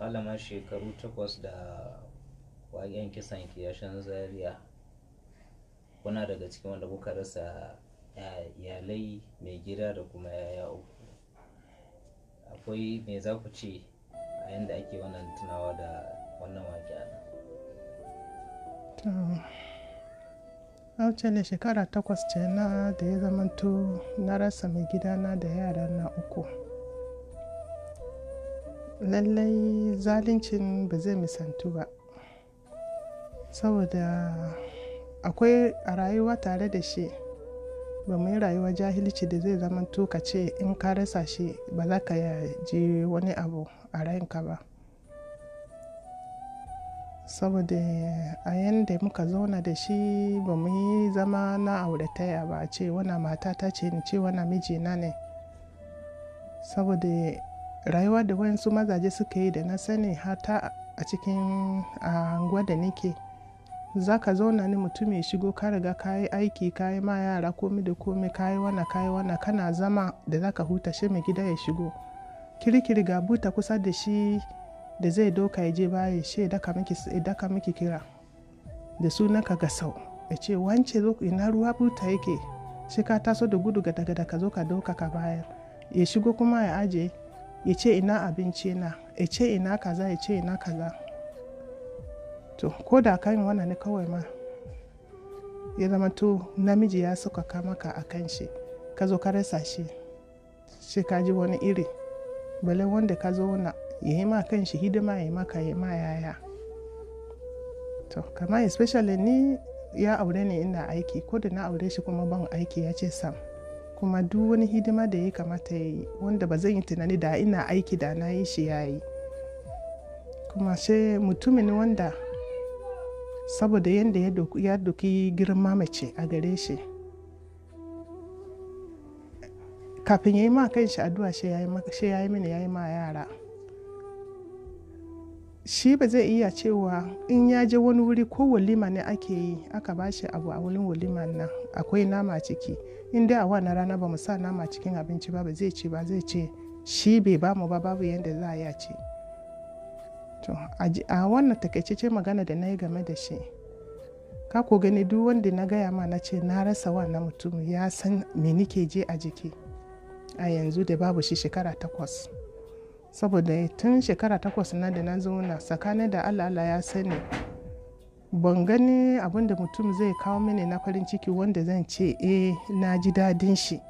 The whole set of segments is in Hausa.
malaman shekaru takwas da waƙen kisan kiyashin zaria kuna daga cikin wanda kuka rasa iyalai mai gida da kuma yaya uku akwai me za ku ce a yadda ake wannan tunawa da wannan waƙe ne shekara takwas ce na da ya zamanto na rasa mai gidana da yara na uku lallai zalincin ba zai misantu ba saboda akwai a rayuwa tare da shi ba mu yi rayuwa jahilci da zai zama ka ce in ka rasa shi ba za ka ji wani abu a rayunka ba saboda a yadda muka zauna da shi ba mu yi zama na aurataya ba a ce wana mata ta ce ni ce wana mijina ne saboda rayuwa da wayansu mazaje suka yi da na sani hata a cikin anguwa da nake za ka zauna ni mutum ya shigo ka riga ka yi aiki ka yi ma yara komi da komi ka yi wana ka yi wana kana zama da za ka huta shi mai gida ya shigo kirikiri ga buta kusa da shi da zai doka ya je baya shi ya daka miki kira da sunanka ga sau ya ce wance zo ina ruwa buta yake shi ka taso da gudu daga da ka zo ka doka ka baya. ya shigo kuma ya aje ya ce ina abinci na ya ce ina kaza ya ce ina kaza to ko da kan wannan ne kawai ma ya zama to namiji ya suka kama ka a kan shi ka zo ka rasa shi shi ka ji wani iri bale wanda ka zo na ya yi ma kan shi hidima ya yi maka ya ma yaya to kama especially ni ya aure ni ina aiki ko da na aure shi kuma ban aiki ya ce sam kuma duk wani hidima da ya kamata ya yi wanda ba zan yi tunani da ina aiki da na yi shi ya yi kuma sai mutumin wanda saboda yadda ya doki girma mace a gare shi kafin ya yi ma kan shi addu'a shi ya yi mini ya yi ma yara shi ba zai iya cewa in ya je wani wuri ko walima ne ake yi aka bashi shi abu a wurin walima na akwai nama ciki in dai a wannan rana ba mu sa nama cikin abinci ba ba zai ce ba zai ce shi bai ba mu ba babu yadda za a ya ce a wannan ce magana da na yi game da shi ka ko gani duk wanda na gaya ma na ce na rasa wannan mutum ya san me nike je a jiki a yanzu da babu shi shekara takwas saboda tun shekara takwas na da na zauna tsakanin da allah ya sani ban gani abin da mutum zai kawo mini na farin ciki wanda zan ce e, na ji dadin shi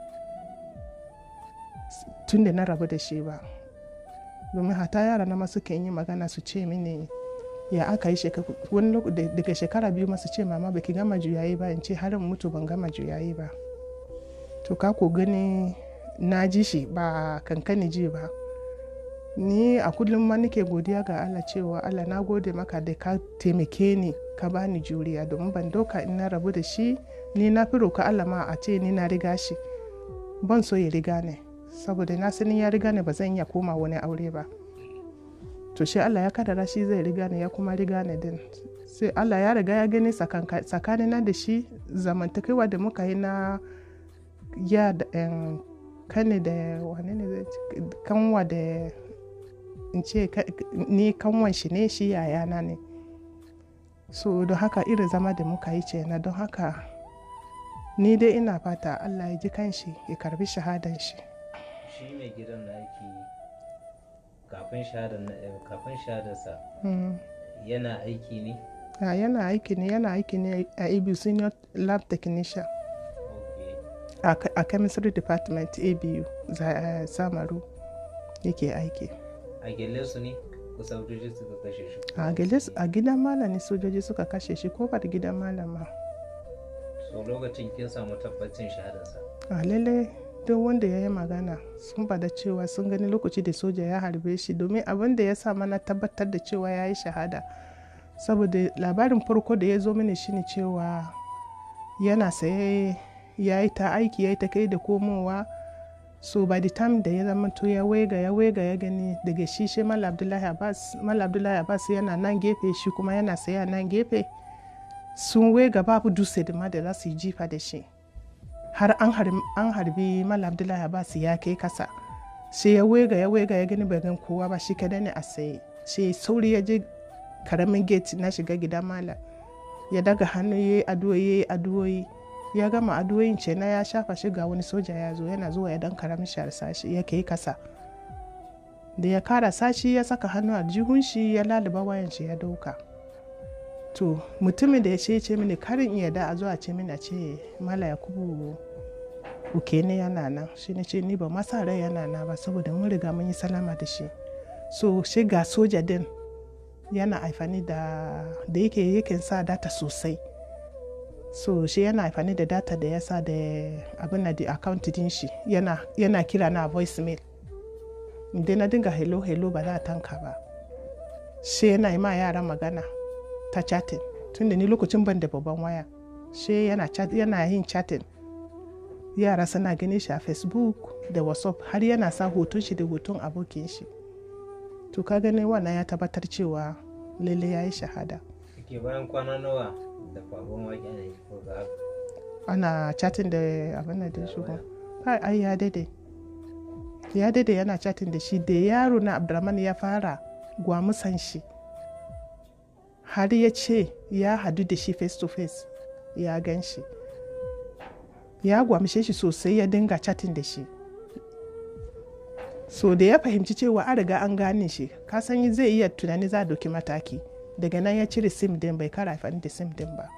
tun da na rabu da shi ba domin hata yara na masu kan yi magana su ce mini ya aka yi daga shekara biyu masu ce mama ki gama juyayi ba in ce harin mutu ban gama juyayi ba to ka ko gani na ji shi ba kankani ji ba ni a kullum ma nake godiya ga allah cewa allah na gode maka da ka taimake ni ka bani juriya domin ban doka in na rabu da shi ni na fi roka allah ma a ce ni na riga shi ban so ya riga ne saboda na sanin ya riga ne ba zan iya koma wani aure ba to shi allah ya kadara shi zai riga ne ya kuma riga ne din sai allah ya riga ya gani tsakanina da shi zamantakewa da muka yi na ya da kane da da in ce ni kanwan shi ne shi yayana ne so don haka irin zama da muka yi ce na don haka ni dai ina fata allah ya ji kanshi ya karbi shahadan shi shi mai gidan na yake kafin eh, sa hmm. yana aiki ne yana aiki ne yana aiki ne a abu senior lab technician a chemistry department abu eh, samaru yake aiki a gelle su ne ko sojoji suka kashe shi a gidan ne sojoji suka kashe shi ko da gidan malam ma so lokacin kin samu tabbacin shahararsa a lele duk wanda ya yi magana sun bada cewa sun gani lokaci da soja ya harbe shi domin abin da ya sa mana tabbatar da cewa ya yi shahada saboda labarin farko da ya zo mini shine cewa yana saye ya yi ta aiki ya yi ta kai da komowa so by the time da ya zama to ya wega ya wega ya gani daga shi shi mal abdullahi abbas yana nan gefe shi kuma yana saya nan gefe sun wega babu dutse da ma da za su yi jifa da shi har an harbi mal abdullahi abbas ya kai kasa shi ya wega ya wega ya gani bai kowa ba shi kada ne a saye sai sauri ya je karamin gate na shiga gida mala ya daga hannu ya yi aduwa ya yi addu'o'i ya gama addu'o'in ce na ya shafa shiga wani soja ya zo yana zuwa ya dan karamin sashi ya kai kasa da ya kara sashi ya saka hannu a jihun shi ya laluba wayan shi ya dauka to mutumin da ya ce ce mini karin iya da a zuwa ce mini a ce mala ya kubu uke ne yana nan shi ne ce ni ba masa rai yana nan ba saboda mun riga mun yi salama da shi so shiga soja din yana aifani da da yake yakin sa data sosai so shi yana amfani da data da yasa da abin da account din shi yana, yana kira na voicemail inda na dinga hello hello ba za a tanka ba shi yana yi ma yara magana ta chatting tun da ni lokacin ban da babban waya shi yana, yana yin chatting yara suna ganin shi a facebook da whatsapp har yana sa hoton shi da hoton abokin shi to ka ganin wannan ya tabbatar cewa lalle ya yi shahada bayan kwana nawa ana chatin da abin da shi ai ya dade ya dade yana chatin da shi da yaro na abdurrahman ya fara gwamusan shi har ya ce ya hadu da shi face to face ya gan shi ya gwamshe shi sosai ya dinga chatin da shi so da ya fahimci cewa an riga an gane shi kasan zai iya tunani za doki mataki daga nan ya cire sim din bai kara fani da sim din ba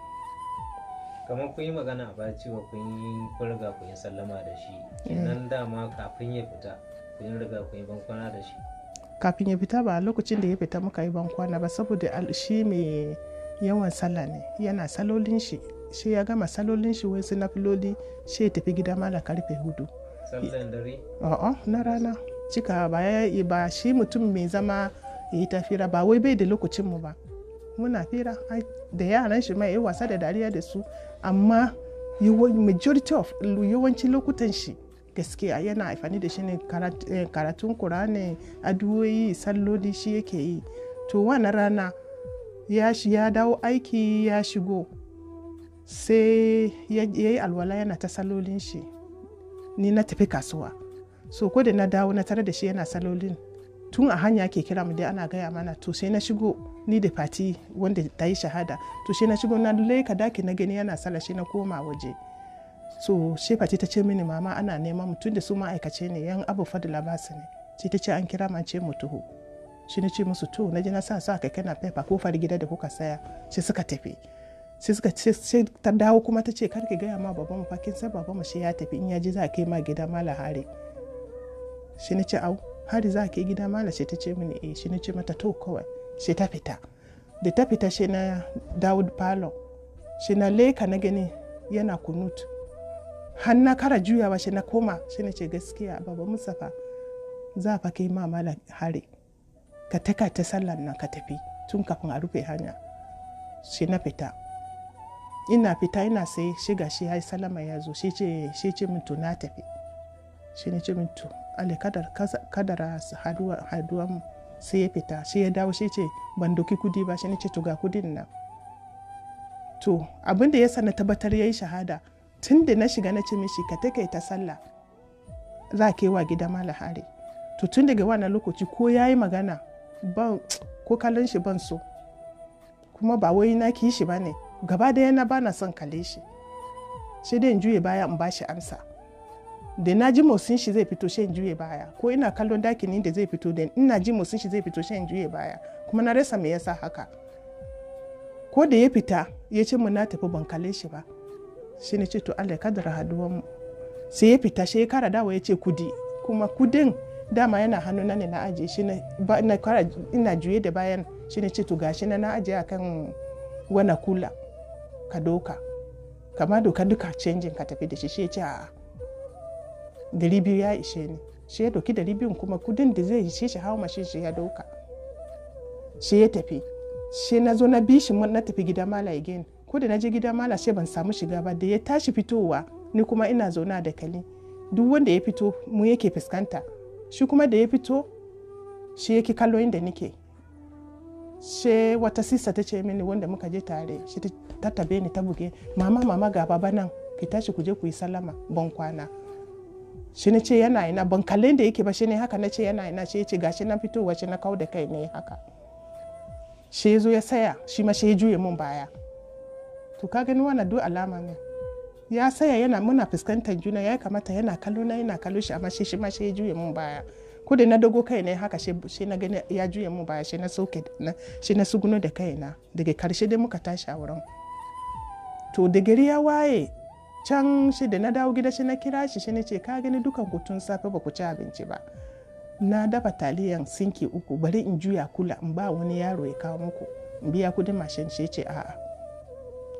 kamar kun yi magana ba cewa kun yi kurga kun yi sallama da shi eh. nan dama kafin ya fita kun yi riga kun yi bankwana da shi kafin ya fita ba lokacin da ya fita muka yi bankwana ba saboda shi mai yawan sallah ne yana salolin shi shi ya gama salolin shi wai na filoli shi ya tafi gida mala karfe hudu a'a na rana cika ba shi mutum mai zama ya yi tafira ba wai bai da lokacin mu ba muna fira da yaran shi mai wasa da dariya da su amma majority of yawancin lokutan shi gaskiya yana haifani da shi ne eh, karatun kurani addu'o'i salloli shi yake yi to wani rana ya ya dawo aiki ya shigo sai ya yi alwala yana ta salolin shi ni na tafi kasuwa so ko da na dawo na tare da shi yana salolin tun a hanya ke kira mu dai ana gaya mana to sai na shigo ni da fati wanda ta yi shahada to shi na shigo na ka daki na gani yana sala shi na koma waje so shi fati ta ce mini mama ana neman mutum da su ma'aikace ne yan abu fadila ba su ne shi ta ce an kira ma ce mu tuhu shi na ce musu to na ji na sa sa kai kana fefa fari gida da kuka saya shi suka tafi sai suka ce ta dawo kuma ta ce karki gaya ma baban mu fakin sai baban mu shi ya tafi in ya ji za kai ma gida mala hari shi na ce au hari za kai gida mala shi ta ce mini eh shi na ce mata to kawai sai ta fita da ta fita shi na dawud palo shi na leka na gani yana kunut har na kara juyawa shi na koma shi na ce gaskiya baba musafa za fa kai ma mala hare ka taka ta sallan nan ka tafi tun kafin a rufe hanya shi na fita ina fita ina sai shiga shi ya salama ya zo shi ce shi ce min na tafi shi ne ce min to kadara haduwa mu sai ya fita sai ya dawo shi ce ban doki kudi ba shi ne ce to kudin nan to abin da ya na tabbatar ya yi shahada tun da na shiga na ce mishi ka take ta sallah za ke wa gida mala hari to tun daga wannan lokaci ko ya yi magana ban ko kallon shi ban so kuma ba wai na kishi shi ba ne gaba da yana bana son kale shi sai dai in juye baya in ba shi amsa da na ji motsin shi zai fito shan juye baya ko ina kallon dakin da zai fito da ina ji motsin shi zai fito shan juye baya kuma na rasa me yasa haka ko da ya fita ya ce na tafi ban kalle shi ba shi ne ce to Allah ya kadara haduwan mu sai ya fita shi ya kara dawa ya ce kudi kuma kudin dama yana hannu na ne na ajiye shi ne? na kara ina juye da bayan shi ne ce to gashi na na ajiye akan wana kula ka doka kama doka duka canjin ka tafi da shi shi ya ce a'a dari biyu ya ishe ni shi ya dauki dari biyun kuma kudin da zai ishe shi hawa mashin shi ya dauka shi ya tafi shi na zo na bi shi na tafi gida mala again ko da na je gida mala shi ban samu shiga ba da ya tashi fitowa ni kuma ina zauna da kali duk wanda ya fito mu yake fuskanta shi kuma da ya fito shi yake kallo inda nike she wata sista ta ce mini wanda muka je tare shi ta tabe ni ta buge mama mama ga baba nan ki tashi ku je ku yi sallama ban kwana shi na ce yana ina ban kalle da yake ba shi ne haka na ce yana ina shi ya ce gashi na fitowa shi na kau da kai ne haka shi ya zo ya saya shi ma shi ya juye mun baya to ka gani wannan duk alama ne ya saya yana muna fuskantar juna ya kamata yana kallo na yana kallo shi amma shi shi ma shi ya juye mun baya ko da na dogo kai ne haka shi na gani ya juye mun baya shi na soke shi na suguno da na daga karshe dai muka tashi a wurin to da gari ya waye can shi da na dawo gida shi na kira shi shi na ce ka gani dukan ku tun safe ba ku ci abinci ba na dafa taliyan sinki uku bari in juya kula in ba wani yaro ya kawo muku in biya kudin mashin shi ce a'a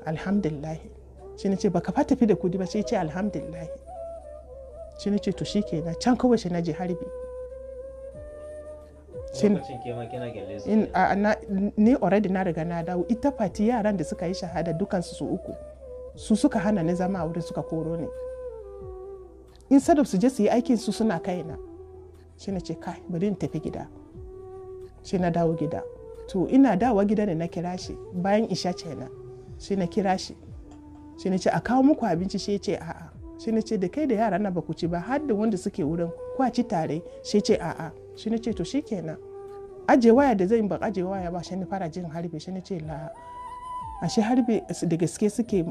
alhamdulillahi shi na ce baka fa tafi da kudi ba shi ce alhamdulillahi shi na ce to shi kenan can kawai shi na je harbi ni already na riga na dawo ita fati yaran da suka yi shahada dukansu su uku su suka hana ni zama a wurin suka koro ni instead of su je su yi aikin su suna kaina shi na ce kai bari in tafi gida shi na dawo gida to ina dawa gida ne na kira shi bayan isha na. shi na kira shi shi na ce a kawo muku abinci shi ce a'a shi na ce da kai da yara na baku ci ba har da wanda suke wurin kwaci tare shi ce a'a shi na ce to shi kenan aje waya da zan ba aje waya ba shi na fara jin harbe shi na ce la ashe harbe da gaske suke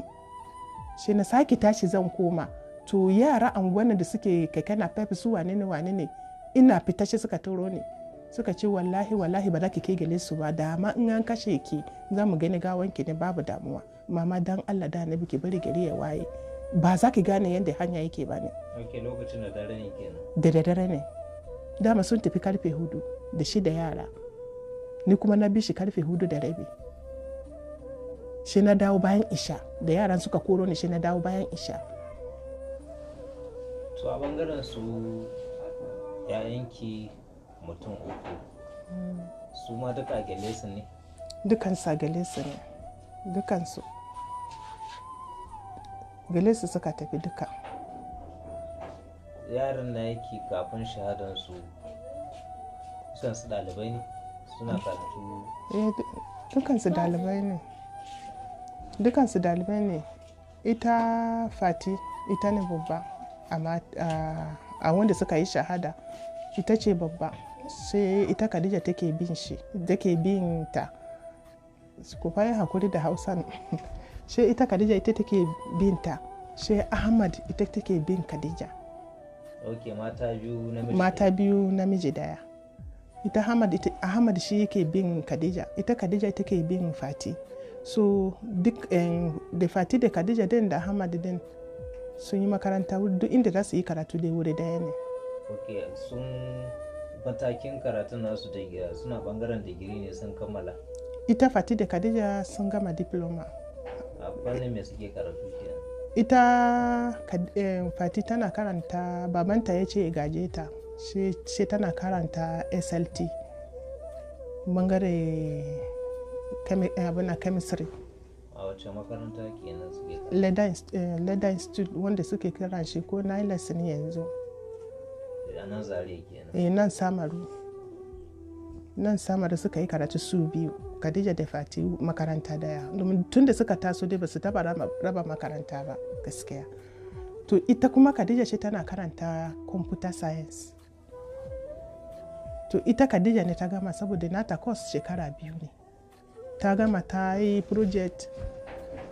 shi na sake tashi zan koma to yara anguwannan da suke keke na su wane ne wane ne ina fita shi suka turo ne suka ce wallahi wallahi ba za ki ke gale su ba da ma in an kashe ki za mu gani gawan ki ne babu damuwa mama dan Allah da na ki bari gari ya waye ba za ki gane yadda hanya yake ba ne lokacin da dare ne kenan da dare ne dama sun tafi karfe hudu da shida yara ni kuma na bi shi karfe hudu da rabi shi na dawo bayan isha da yaran suka koro ni shi na dawo bayan isha to a bangaren su yayanki mutum uku su ma duka gale su ne dukansu sa gale su ne dukansu gale su suka tafi duka yaran na yake kafin shahadansu su dalibai ne suna karatu eh, dukansu ɗalibai ne dukansu dalibai ne ita fati ita ne babba a wanda suka yi shahada ita ce babba sai ita khadija take bin shi take bin ta ku fayin hakuri da hausan sai ita khadija ita take bin ta sai ahmad ita take bin khadija ok mata biyu namiji mata biyu namiji daya ita ahmad, ita, ahmad shi yake bin khadija ita khadija take bin fati Su duk eh, da fati da khadija din da hamadu din sun yi makaranta duk inda za su yi karatu dai wuri daya ne ok sun matakin karatun nasu da suna bangaren digiri ne sun kammala ita fati da khadija sun gama diploma a fannin mai suke karatu kenan ita eh, fati tana karanta babanta ya ce gaje ta sai tana karanta slt bangare Eh, abin a chemistry a wace makaranta kenan suke leda institute eh, wanda suke kira shi ko niles ne yanzu eh, nan samaru nan samaru suka yi karatu su biyu khadija da fatihu makaranta daya domin tun da suka taso dai ba su taba raba makaranta ba gaskiya to ita kuma khadija ce tana karanta computer science to ita khadija ne ta gama saboda nata course shekara biyu ne ta gama ta yi project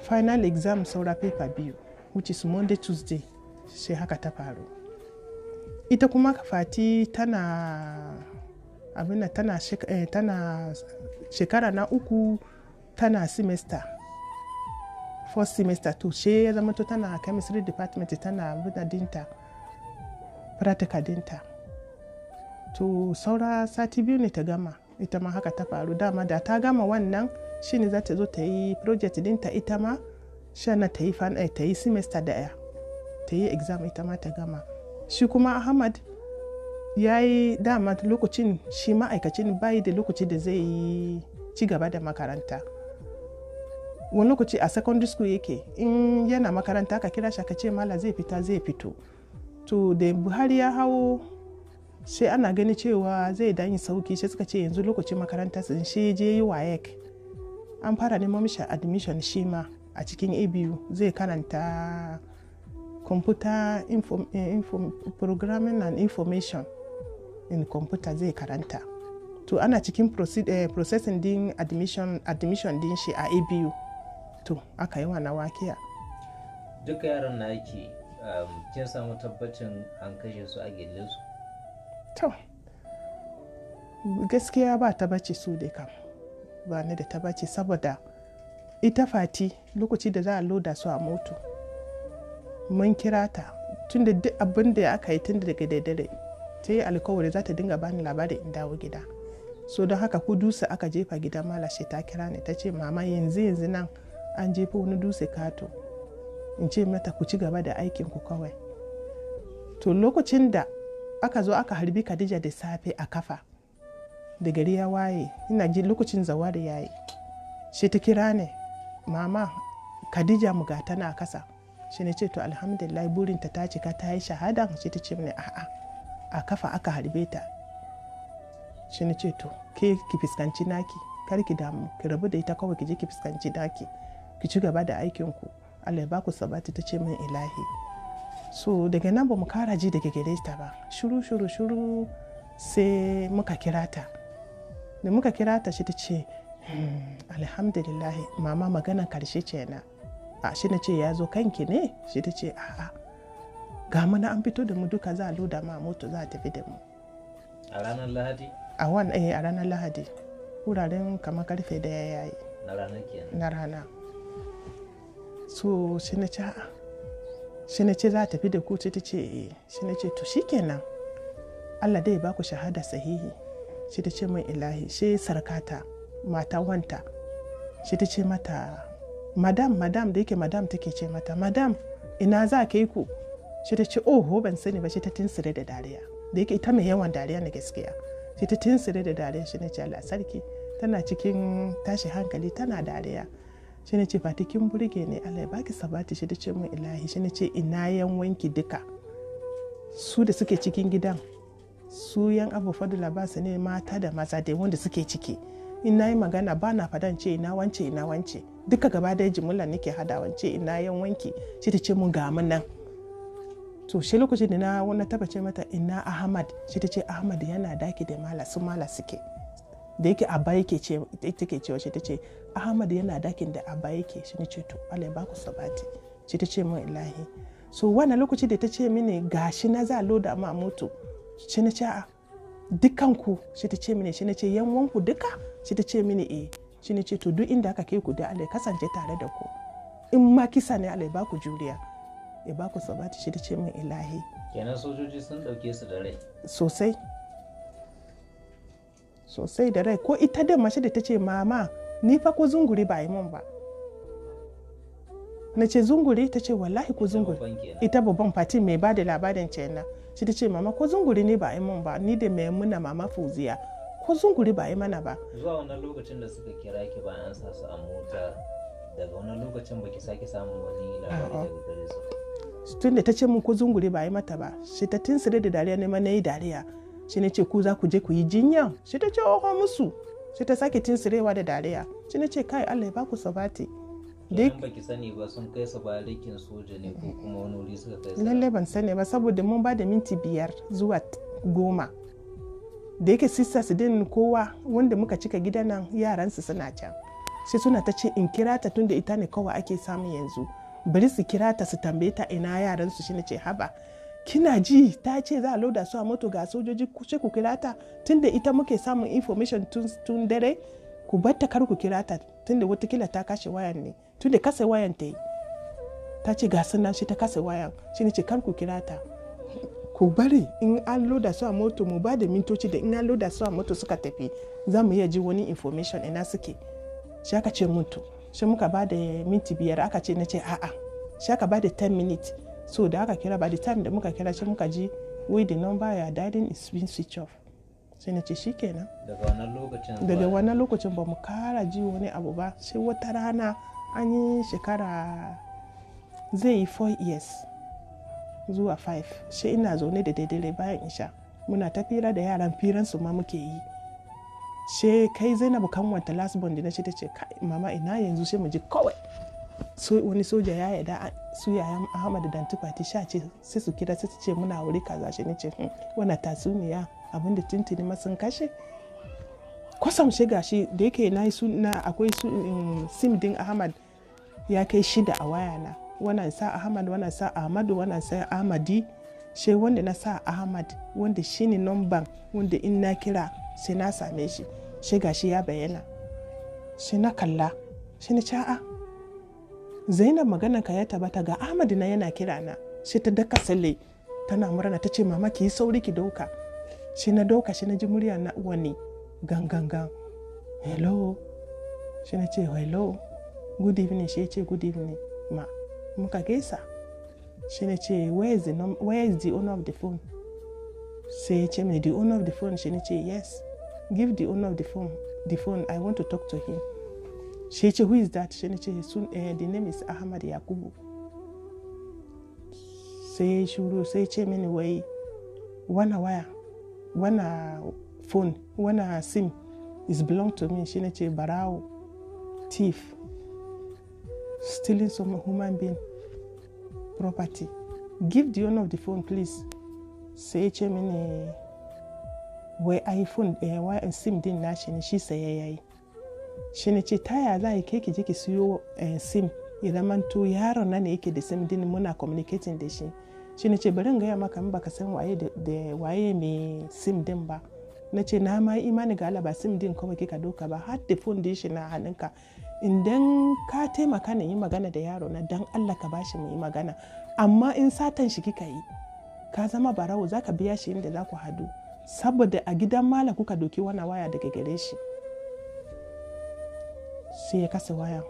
final exam saura paper biyu which is monday tuesday sai haka ta faru ita kuma fati tana abinda tana, eh, tana shekara na uku tana semester first semester to she ya zama to tana chemistry department tana abinda dinta practical dinta to saura sati biyu ne ta gama ita ma haka ta faru dama da ta gama wannan shi ne za ta zo ta yi project dinta ita ma shana ta yi eh, ta yi semester daya ta yi exam ita ma ta gama shi kuma ahmad ya yi dama lokacin shi ma'aikacin bayi da lokaci da zai yi ci gaba da makaranta wani lokaci a secondary school yake in yana makaranta ka kira shi ka ce mala zai fita zai fito to da buhari ya hawo sai ana gani cewa zai dan yi sauki sai suka ce yanzu lokacin makaranta sun shi je yi wayek an fara neman mishi admission shi ma a cikin abu zai karanta computer info, eh, info, programming and information in computer zai karanta to ana cikin eh, processing din admission, admission din shi a abu to aka yi wa na wakiya duka yaran na yake um, kin samu tabbacin an kashe su a gillinsu to gaskiya ba ta bace su dai kam ba ni da ta bace saboda ita fati lokaci da za a loda su a moto mun kira ta tun da duk abin da aka yi tun daga daidare ta yi alkawari za ta dinga bani labarin in dawo gida so don haka ku dusa aka jefa gidan malashe ta kira ni ta ce mama yanzu yanzu nan an jefa wani dutse kato in ce mata ku ci gaba da aikin ku kawai to lokacin da aka zo aka harbi khadija da safe a kafa da gari ya waye ina ji lokacin zawari ya yi shi ta kira ne mama khadija mu ga tana kasa shi ne ce to alhamdulillah burinta ta cika ta yi shahada shi ta ce mini a'a a kafa aka harbe ta shi ne ce to ke ki fuskanci naki kar ki damu ki rabu da ita kawai ki je ki fuskanci naki ki ci gaba da aikinku Allah ya ku sabati ta ce min ilahi so daga nan ba mu kara ji daga gare ta ba shuru shuru shuru sai muka kira ta da muka kira ta shi ta ce hmm, alhamdulillah mama magana karshe ce na a shi na ce ya zo kanki ne shi ta ce a'a ga mana an fito da mu duka za a loda ma moto za a tafi da mu a ranar lahadi a wan eh a ranar lahadi wuraren kamar karfe da ya yayi na rana kenan na rana so shi na ce a'a shi na ce za tafi da ku ta ce eh shi na ce to shikenan Allah dai ba ku shahada sahihi shi ta ce min ilahi shi sarkata mata wanta shi ta ce mata madam madam da yake madam take ce mata madam ina za ka yi ku shi ta ce oho ban sani ba shi ta tinsire da dariya da yake ita mai yawan dariya na gaskiya shi ta tinsire da dariya shi na ce Allah sarki tana cikin tashi hankali tana dariya shi ne ce fati kin burge ne Allah ya baki sabati shi da ce mun ilahi shi ne ce ina yan wanki duka su da suke cikin gidan su yan abu fadula ba su ne mata da maza da wanda suke ciki Ina yi magana ba na fadan ce ina wance ina wance duka gaba da jimula nake hada wance ina yan wanki shi ta ce mun ga mun nan to shi lokacin da na wani taba ce mata ina ahmad shi ta ce ahmad yana daki da mala su mala suke da yake abba yake ce take cewa ce ta ce ahmad yana dakin da abba yake shi ne ce to allah ya baku sabati ce ta ce min ilahi so wannan lokaci da ta ce mini gashi na za loda ma moto shi na ce a dukkan ku shi ta ce mini shi na ce yan duka shi ta ce mini eh shi na ce to duk inda aka kai ku da allah kasance tare da ku in ma kisa ne allah ya baku juriya ya baku sabati shi ta ce min ilahi kenan sojoji sun dauke su da rai sosai sosai da rai ko ita da mace da ta ce mama ni fa ko zunguri ba yi mun ba na ce zunguri ta ce wallahi ko zunguri ita babban fati mai ba da labarin kenan shi ta ce mama ko zunguri ne ba yi mun ba ni da mai muna mama fuziya ko zunguri ba yi mana ba zuwa wannan lokacin da suka kira ki bayan an sa su a mota daga wannan lokacin ba ki sake samun wani labari daga gare su tun da ta ce mun ko zunguri ba yi mata ba shi ta tinsire da dariya ne ma na yi dariya shi ne ce ku za ku je ku yi jinya shi ta ce oho musu shi ta sake tinsirewa da dariya shi ne ce kai Allah ya baku sabati duk baki sani ba sun kai su soja ne ko kuma wani wuri suka kai lalle ban sani ba saboda mun ba da minti biyar zuwa goma da yake sisters din kowa wanda muka cika gidan nan yaransu suna can sai suna ta ce in kira ta tunda ita ne kawai ake samun yanzu bari su kira ta su tambaye ta ina yaransu shi ne ce haba kina ji ta ce za a loda su a moto ga sojoji kushe ku kira ta tunda ita muke samun information tun dare ku batta kar ku kira ta tunda watakila ta kashe wayan ne tunda kasa wayan ta yi ta ce ga sunan shi ta kasa wayan shi ne ce kar ku kira ta ku bari in an loda su a moto mu ba da mintoci da in an loda su a moto suka tafi za mu iya ji wani information ina suke shi aka ce mutu shi muka ba da minti biyar aka ce na ce a'a shi aka ba da 10 minutes so da aka kira by the time da muka kira shi muka ji wai the number ya dadin is been switch off sai na ce kenan daga wannan lokacin ba mu kara ji wani abu ba sai wata rana an yi shekara zai yi 4 years zuwa 5 sai ina zaune da daidai bayan isha muna ta fira da yaran firan su ma muke yi she kai zai na kanwanta last bond da na shi ta ce mama ina yanzu sai mu ji kawai wani soja ya yada su yayan ahmad dan tufati sha ce sai su kira sai su ce muna wuri kaza shi ne ce hmm, wannan tatsuniya abinda tuntuni ma sun kashe kwasam shi gashi da yake na suna akwai um, sim din ahmad ya kai shida a wayana wannan sa ahmad wannan sa ahmadu wannan sa ahmadi shi wanda na sa ahmad wanda shi ne nomban wanda in na kira sai na same shi shi gashi ya bayyana shi na kalla shi na ca'a zainab magana ka ya tabbata ga ahmad na yana kira na shi ta daka sale tana murna ta ce mama ki yi sauri ki dauka shi na dauka shi na ji murya na wani gangangan hello shi na ce hello good evening shi ya ce good evening ma muka gaisa shi na ce where is the, where is the owner of the phone sai ya ce mini the owner of the phone shi na ce yes give the owner of the phone the phone i want to talk to him shi ce who is that shi ne ce the name is ahmad yakubu sai shuru sai ce mini wai wana waya wana uh, phone wana uh, sim is belong to me shi ne ce barawo thief stealing some human being property give the owner of the phone please sai ce mini wai iphone eh, sim din nashi ne shi sai ya yi shi ne ce taya za ki je ki siyo eh, sim ya zamanto yaron na ne yake da sim din muna communicating da shi shi ne ce bari in gaya maka in baka san waye da waye mai sim din ba na ce na ma imani ga Allah ba sim din kuma kika doka ba har da phone din shi na hannunka idan ka taimaka na yi magana da yaro na dan Allah ka bashi mu yi magana amma in satan shi kika yi ka zama barawo zaka biya shi inda za ku hadu saboda a gidan mala kuka doki wani waya daga gare shi sai ya kasa wayan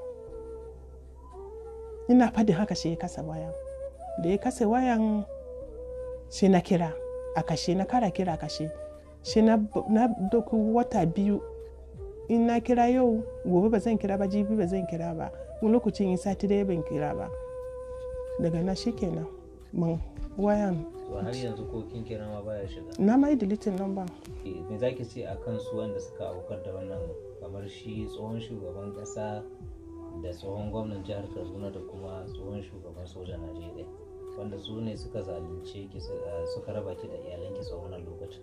ina fadin haka sai ya kasa wayan da ya kasa wayan sai na kira a kashe na kara kira a kashe sai na doku wata biyu in na kira yau gobe ba zan kira ba jibi ba zan kira ba wani lokacin in sati da ban kira ba daga na shi kenan mun wayan har yanzu ko kin kira ma baya shiga na mai deleting number eh, me zaki ce akan su wanda suka aukar da wannan kamar shi tsohon shugaban ƙasa da tsohon gwamnan jihar kaduna da kuma tsohon shugaban sojan najeriya wanda su ne suka zalunce ki eh, suka raba ki da iyalan ki tsohon wannan lokacin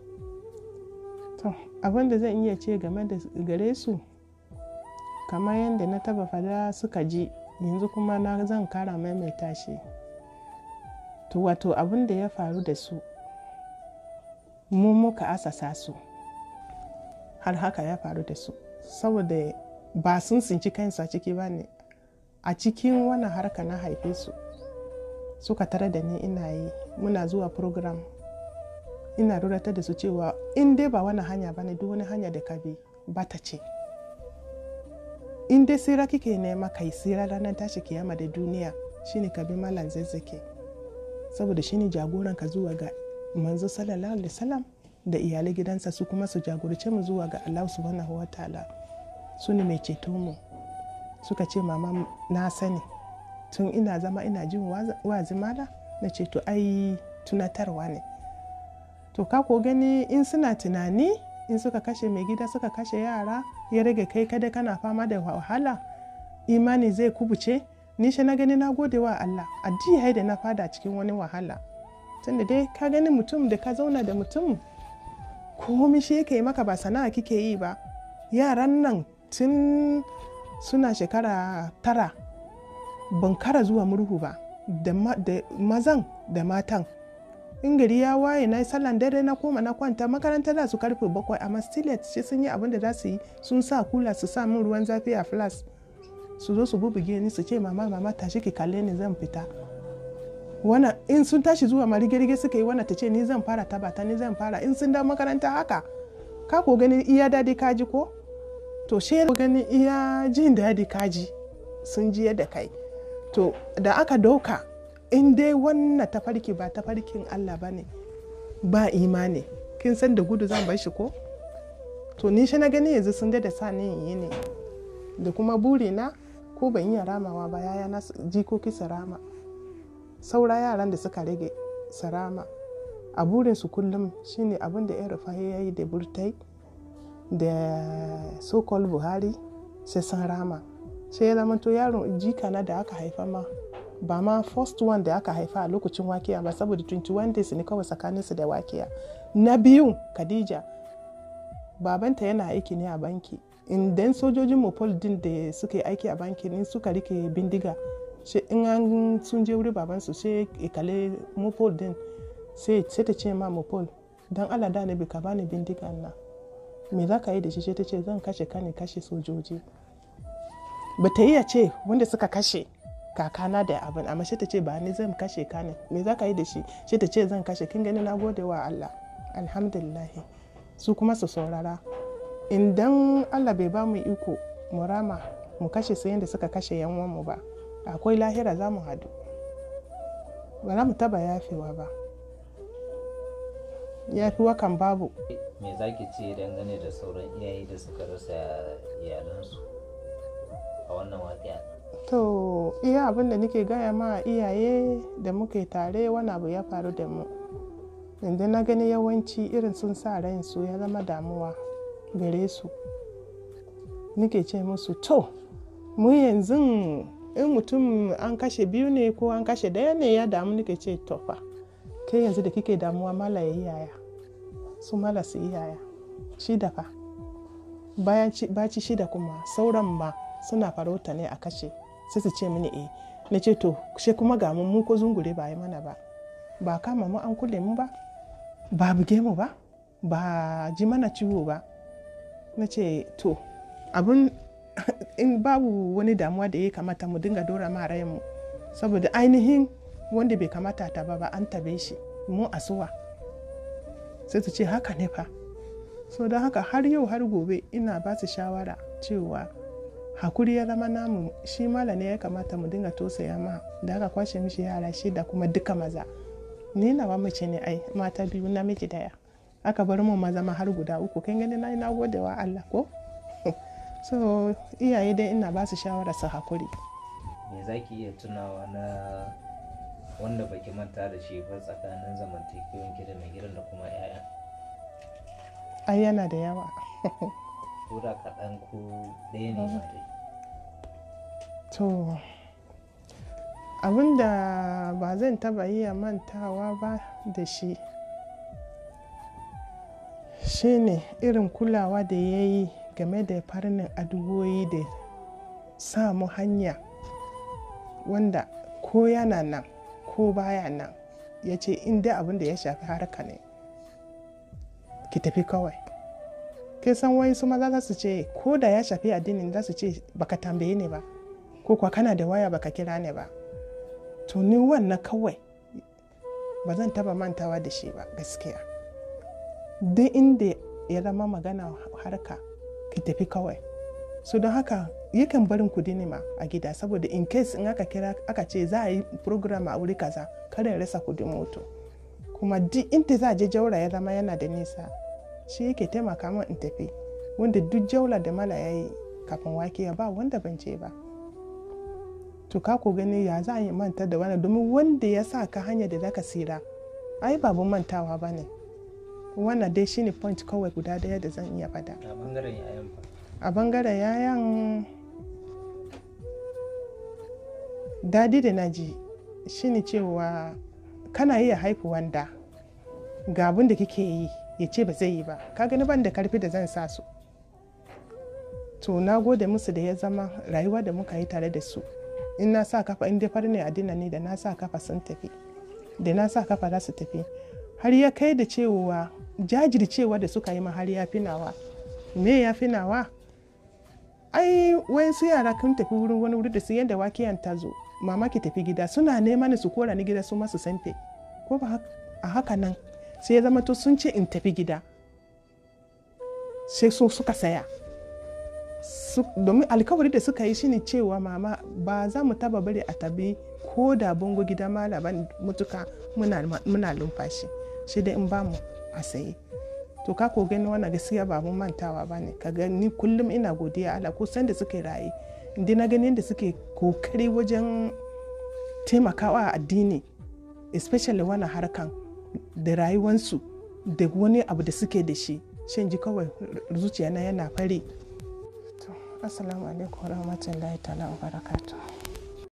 to abin da zan iya ce game da gare su kamar yadda na taba fada suka ji yanzu kuma na zan kara maimaita shi to wato abin da ya faru da su mu muka asasa su har haka ya faru da su saboda ba sun sinci kansa ciki ba ne a cikin wani harka na haife su suka tare da ni ina yi muna zuwa program ina rurata da su cewa in dai ba wani hanya ba ne duk wani hanya da ka bi ba ta ce in dai sira kike nema kai sira ranar tashi kiyama da duniya shine ka bi malam zazzake saboda shine jagoran ka zuwa ga manzo sallallahu alaihi wasallam da iyalai gidansa su kuma su jagorce mu zuwa ga Allah subhanahu wataala su ne mai ceto mu suka ce mama na sani tun ina zama ina jin wazi mala na ceto ai tunatarwa ne to ka ko gani in suna tunani in suka kashe mai gida suka kashe yara ya rage kai kada kana fama da wahala imani zai kubuce ni shi na gani na gode wa Allah a jiya da na fada cikin wani wahala tunda dai ka gani mutum da ka zauna da mutum komi shi yake maka ba sana'a kike yi ba yaran nan tun suna shekara tara ban kara zuwa murhu ba da mazan da matan in gari ya waye na sallan dare na koma na kwanta makaranta za su karfe bakwai amma stilet ce sun yi abinda da za su yi sun sa kula su sa min ruwan zafi a flas su zo su bubuge ni su ce mama mama tashi ki kalle ni zan fita wana in sun tashi zuwa ma rige suka yi wana ta ce ni zan fara tabata ni zan fara in sun da makaranta haka ka ko gani iya dadi ka ji ko to yana ganin iya jin daɗi kaji sun ji yadda kai to da aka doka in dai wannan tafarki ba tafarkin allah ba ne ba imani kin san da gudu zan bar shi ko to ni shi na gani yanzu sun da sa ni yi ne da kuma buri na ko ban iya ramawa ba yaya na jikoki rama saura yaran da suka rage sarama a burinsu kullum shine abin da yan rufaye ya yi da burtai da so called buhari sai san rama sai ya zama to yaron jikana da aka haifa ma ba ma first one da aka haifa a lokacin wakiya ba saboda 21 days ne kawai tsakaninsu da wakiya na biyu khadija babanta yana aiki ne a banki idan sojojin mopol din da suka yi aiki a banki in suka rike bindiga sai in an sun je wuri babansu sai ikale mopol din sai ta ce ma mopol don allah da ne bai ka bani bindigan nan me za ka yi da shi ta ce zan kashe ka ne kashe sojoji ba ta iya ce wanda suka kashe kakana da abin amma shi ta ce ba ni zan kashe ka me za ka yi da shi shi ta ce zan kashe kin gani na gode wa Allah alhamdulillah su kuma su saurara idan Allah bai ba mu iko mu rama mu kashe su yadda suka kashe yanwanmu ba akwai lahira za mu hadu ba za mu taba yafewa ba ya fi wakan babu me za ki ce dangane da sauran iyaye da suka rasa iyalansu a wannan waƙiya to iya abin da nake gaya ma iyaye da muke tare wani abu ya faru da mu yanzu na gani yawanci irin sun sa rayin su ya zama damuwa gare su nake ce musu to mu yanzu in mutum an kashe biyu ne ko an kashe daya ne ya damu nake ce tofa ke yanzu da kike damuwa mala ya yi yaya su mala su yi yaya shida fa bayan baci shida kuma sauran ma suna farauta ne a kashe sai su ce mini eh na ce to she kuma ga mun ko zungure ba yi mana ba ba kama mu an kulle mu ba ba buge mu ba ba ji mana ciwo ba na ce to abun in babu wani damuwa da ya kamata mu dinga dora ma mu saboda ainihin wanda bai kamata ta ba ba an tabe shi mu asuwa sai ta ce haka ne fa so don haka har yau har gobe ina ba su shawara cewa hakuri ya zama namu shi mala ne ya kamata mu dinga tosaya ma da aka kwashe mishi yara shi da kuma duka maza ni nawa mace ne ai mata biyu namiji daya aka bar mu maza ma har guda uku kan gani na na gode wa Allah ko so iyaye dai ina ba su shawara su hakuri me zaki iya tunawa na wanda baki manta da shi ba tsakanin zamantakewan ki da mai gidan da kuma 'ya'ya ai yana da yawa ko da kaɗan ko ɗaya ne ma dai to ba zan taba iya mantawa ba da shi shi ne irin kulawa da ya yi game da farnin addu'o'i da samu hanya wanda ko yana nan ko baya nan ya ce inda abinda ya shafi harka ne ki tafi kawai ke san wai su maza za su ce ko da ya shafi addinin za su ce baka tambaye ne ba ko kuwa kana da waya baka kira ne ba to ni wannan kawai ba zan taba mantawa da shi ba gaskiya duk inda ya zama magana harka ki tafi kawai so don haka yakan barin kudi ne ma a gida saboda in case in aka kira aka ce za a yi program a wuri kaza kada rasa kudin moto kuma duk inda za a je jaura ya zama yana da nisa shi yake taimaka min in tafi wanda duk jaura da mala ya yi kafin wake ya ba wanda ban ce ba to ka ko gani ya za a yi manta da wani domin wanda ya sa ka hanya da zaka sira ai babu mantawa ba ne wannan dai shine point kawai guda daya da zan iya fada a bangaren yayan dadi da naji shine cewa kana iya haifu wanda ga da kike yi ya ce ba zai yi ba ka gani ban da karfi da zan sa su to na gode musu da ya zama rayuwa da muka yi tare da su in na sa kafa in dafar ne ne dina ne da na sa kafa sun tafi da na sa kafa za su tafi har ya kai da cewa jajircewa da suka yi ma har ya finawa me ya finawa ai su yara kun tafi wurin wani wuri da su yadda wakiyan ta zo mama ki tafi gida suna nema su kora ni gida su masu sante ko ba a haka nan sai ya zama to sun ce in tafi gida sai so suka saya domin alkawari da suka yi shine cewa mama ba za mu taba bari a tabi ko da bango gida ma mutuka muna lumfashi shi da in ba mu a saye to ka ko gani wannan gaskiya ba mun mantawa ba ne ka gani kullum ina godiya Allah ko san da suke raye inda na gani suke kokari wajen taimakawa a addini especially wannan harkan da rayuwansu da wani abu da suke da shi shan ji kawai zuciya na yana fare assalamu alaikum warahmatullahi ta'ala barakatuh